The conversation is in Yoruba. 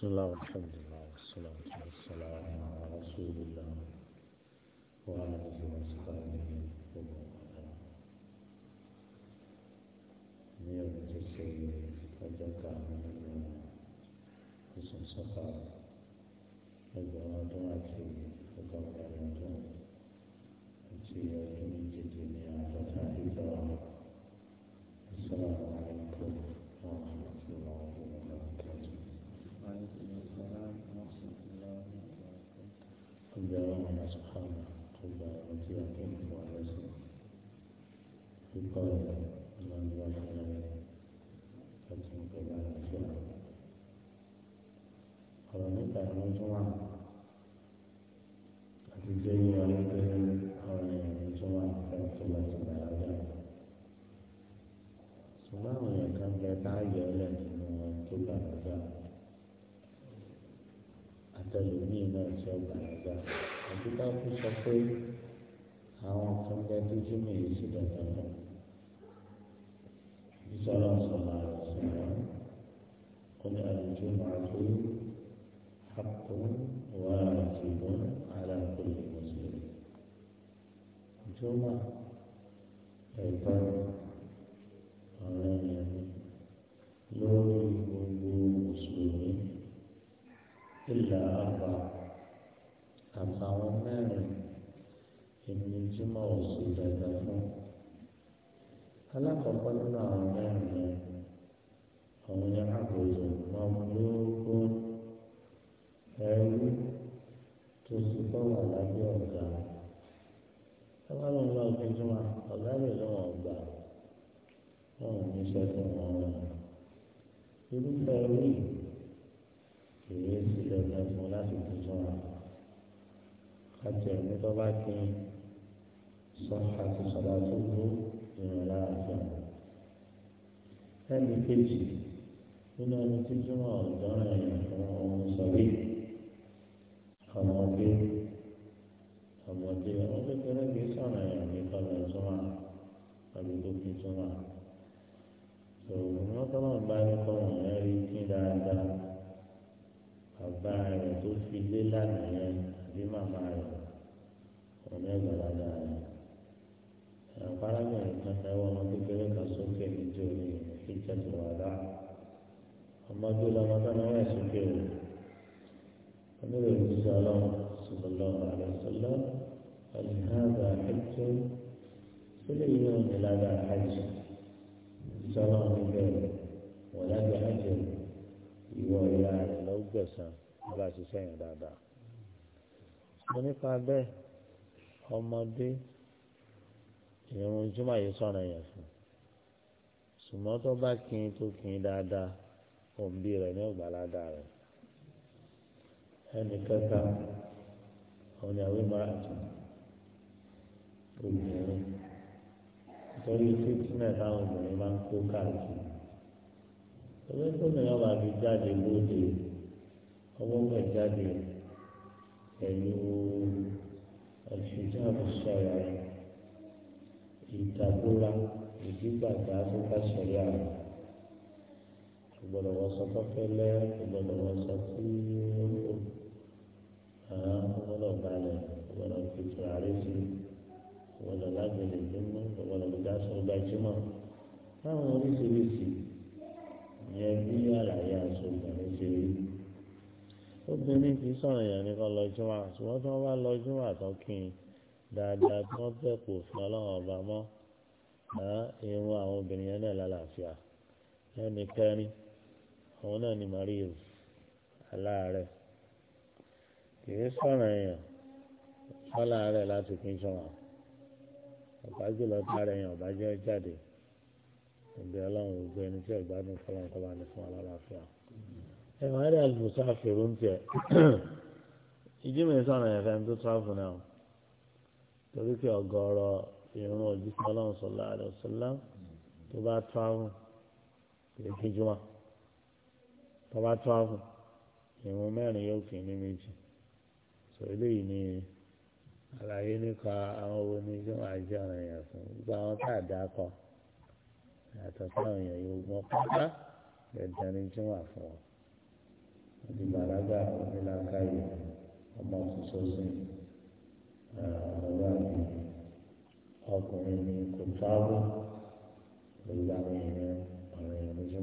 بسم الله والحمد لله والصلاة والسلام على رسول الله وعلى آله وصحبه ومن والاه نيوم تسعين وجاك عملنا حسن صفاء الجواد وعتيه kíkọ́ rẹ̀ máa ń lọ sára rẹ̀ láti ń pẹ̀lú àlàáfíà. ọ̀rọ̀ nípa ìlú tó wà àti jẹ́ yín wà lókè ọ̀rọ̀ ìlú tó wà fẹ́ẹ́ tó wà ti bàrà rẹ̀. ṣùgbọ́n àwọn èèyàn kan bẹ táyọ̀ rẹ̀ nínú wọn tó bàrà rẹ̀. àtẹlùmíì náà tó bàrà rẹ̀. àti sí dandan náà. الجمعة حق واجب على كل مسلم الجمعة عبارة عن يوم المسلمين إلا أربعة أقام مالك إن الجمعة وصيدة فوق هل أقبلنا عن مالك òun ní àbòyè mọ́mọ́lógó ẹrú tó ti bọ́ wà lábẹ́ ọ̀gá ẹgbẹ́ mi lọ fi túmọ̀ ọ̀gá mi lọ́wọ́ ọ̀gbà wọn ò ní sọ fún wọn irúfẹ́ orí kìí sí dandan fún láti fi túmọ̀ àti ẹ̀mí tó bá ti nínú ẹni tí túmọ̀ ọ̀dọ́rùn ẹ̀yìn fún ọmọ sọ̀rí ọmọdé ọmọdé ọmọ kékeré kìí sọ̀rọ̀ ẹ̀yìn nípa ọ̀dọ̀ túmọ̀ àbí tó fi túmọ̀ tó wọn tó máa bá ní kọ́ wọn yẹn rí kí dáadáa bàbá rẹ̀ tó fi lé lánàá yẹn àbí màmá rẹ̀ ọ̀nà ẹ̀gbọ́n dáadáa rẹ̀ ẹ̀ńpárá mi nǹkan ẹ̀wọ̀n ọmọ kékeré kan sọ ọmọdé lọmọdé náà wáyé sókè rẹ onírè òṣìṣẹ́ ọlọ́run sallallahu alaihi wasallam alihàbà ẹ̀tọ́ sílẹ̀ yìí náà ní lágbára hajj òṣìṣẹ́ ọlọ́run níbẹ̀ wọ́n lágbára hajj ìwọ ìyá rẹ lọ́gbẹ̀sán bá a ṣiṣẹ́ yẹn dáadáa. mo nípa bẹ́ẹ̀ ọmọdé ìrun jùmọ̀ yìí sọ̀rọ̀ yẹn fún ṣùgbọ́n bá kin tó kin dáadáa. òǹbí rẹ̀ ní ọ̀gbàládà rẹ̀ ẹnì kẹta àwọn ìyàwó ìmọ̀ràn obìnrin nítorí fífúnà táwọn obìnrin máa ń kó káàkiri ewé tó mìíràn wà fi jáde lóde ọwọ́ mẹ́ jáde pẹ̀lú ẹ̀ṣùjá àbùsọ̀rọ̀ ìtàbúra ìdígbàgbà tó bá ṣẹlẹ̀ àwọn. gbọ́dọ̀ wọ aṣọ tó fẹ́lẹ́ gbọ́dọ̀ wọ aṣọ tí ó ń lò àwọn gbọ́dọ̀ balẹ̀ gbọ́dọ̀ fi tùràrí sí gbọ́dọ̀ lágbèlè lómú gbọ́dọ̀ fi dáṣọ gbajúmọ̀ táwọn oríṣiríṣi ìyẹn bí àlàyé aṣọ obìnrin ṣe rí obìnrin kì í sọ̀rọ̀ yẹn ní kan lọ́jọ́ wa ṣùgbọ́n tí wọ́n bá lọ́jọ́ wa tán kí n dáadáa tí wọ́n bẹ̀ kò fún ọlọ́run ọba mọ́ irun àwọn obìnrin yẹn náà lálàáfíà ẹnì òun náà ni mariam aláàárẹ̀ kìí sọ̀rọ̀ èèyàn sọ́lá rẹ̀ láti pín sọ̀rọ̀ ọ̀pá jùlọ tára èèyàn ọ̀bá jẹ́ jáde ìgbé ọlọ́run gbogbo ẹni tí ọ̀gbádùn kọ́lọ́nkọ́lá ni fún alálàáfíà ẹ̀wọ̀n ẹ̀rẹ́ àlùfáà fèrò ń tiẹ̀ ìdí mi sọ̀rọ̀ yẹn fẹ́ tó tráfù náà torí pé ọ̀gọ̀ọ̀rọ̀ ìrún òjíṣẹ́ ọlọ́run sọ̀lá tó bá tráfù kìí fi jùmọ̀ tọ́ba tó àfò ìrun mẹ́rin yóò kì ní méjì sọ eléyìí ni àlàyé nípa àwọn owó ní tí wọ́n á ọ̀ràn yẹn fún gbogbo àwọn tá a yàtọ̀ táwọn èèyàn yóò gbọ́n pátá dandan ni tí wọ́n fún wọn. àti bàlágà onílàkàyè ọmọ òṣìṣẹ́ sí ọ̀rọ̀ ọkùnrin ní kò tábù gbogbo àwọn èèyàn ọ̀ràn yẹn lójú